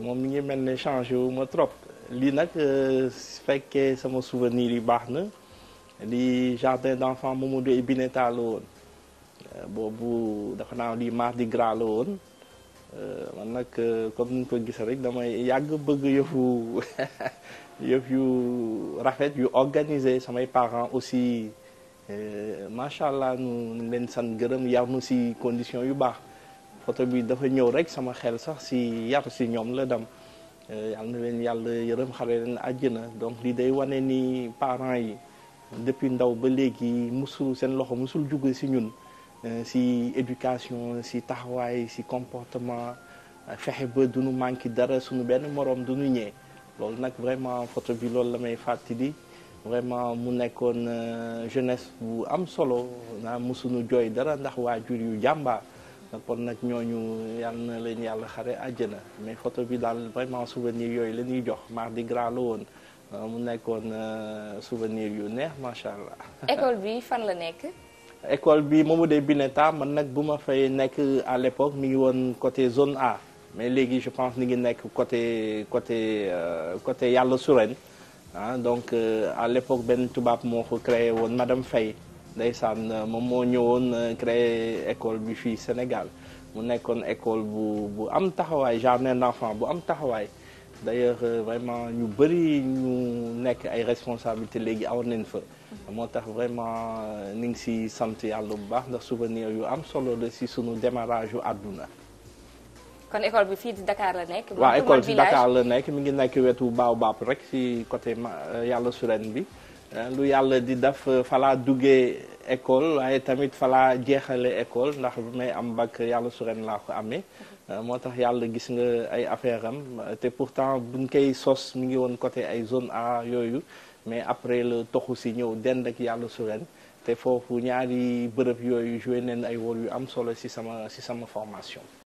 moom mi ngi mel ne changé wu ma trop lii nag euh, su fekkee sama souvenir yi baax na lii jardin d'enfants Mamadou Ibineta la woon euh, boobu dafa naa lii Mardi Gras la woon euh, man nag comme ni ñu ko gisa rek damay yàgg bëgg yëfu yëf yu rafet yu organisé samay parents aussi macha allah ñu leen sant gërëm yar nu si conditions yu baax. photo bi dafa ñëw rek sama xel sax si yar si ñoom la dam euh, yal na leen yàlla yërëm xare leen àjjana donc li day wane nii parent yi depuis ndaw ba léegi musul seen loxo musul jóge si ñun euh, si éducation si taxawaay si comportement euh, fexe ba duñu manqué dara suñu benn moroom duñu ñee loolu nag vraiment photo bi loolu la may fàttali vraiment mu nekkoon jeunesse bu am solo naa musuñu jooy dara ndax waajur yu jàmbar kon nag ñooñu yal na leen yàlla xare àjjana mais photo bi daal vraiment souvenir yooyu la ñuy jox mardi gras la woon euh, mu nekkoon euh, souvenir yu neex macha allah. bi fan la nekk. école bi Mamadou Bineta man nag bu ma fay nekk à l'époque mi ngi woon côté zone A mais léegi je pense ni ngi nekk côté côté euh, côté yàlla suren ah donc à l'époque benn tubaab moo ko créé woon madame Faye. ndeysaan moom moo ñëwoon euh, créer école bi fii Sénégal mu nekkoon école bu bu am taxawaay jardin d'enfants bu am taxawaay d'ailleurs euh, vraiment ñu bëri nekk ay responsabilité léegi awoon nañ fa. moo tax vraiment ni euh, ngi si sant yàlla bu baax ndax souvenir yu am solo la si sunu démarrage yu àdduna. kon école bi fii di Dakar la nekk. waaw école nekk mi ngi nekk wetu Baobab rek si côté yàlla suren bi. lu yàlla di daf euh, falaa duggee école waaye tamit falaa jeexale école ndax bi may am bac yàlla su ren laa ko amee euh, moo tax yàlla gis nga ay affaire am te pourtant buñ koy sos mi ngi woon côté ay zone A yooyu mais après le toxu si ñëw dend ak yàlla su ren te foofu ñaari bërëb yooyu joué neen ay rôle yu am solo si sama ci sama formation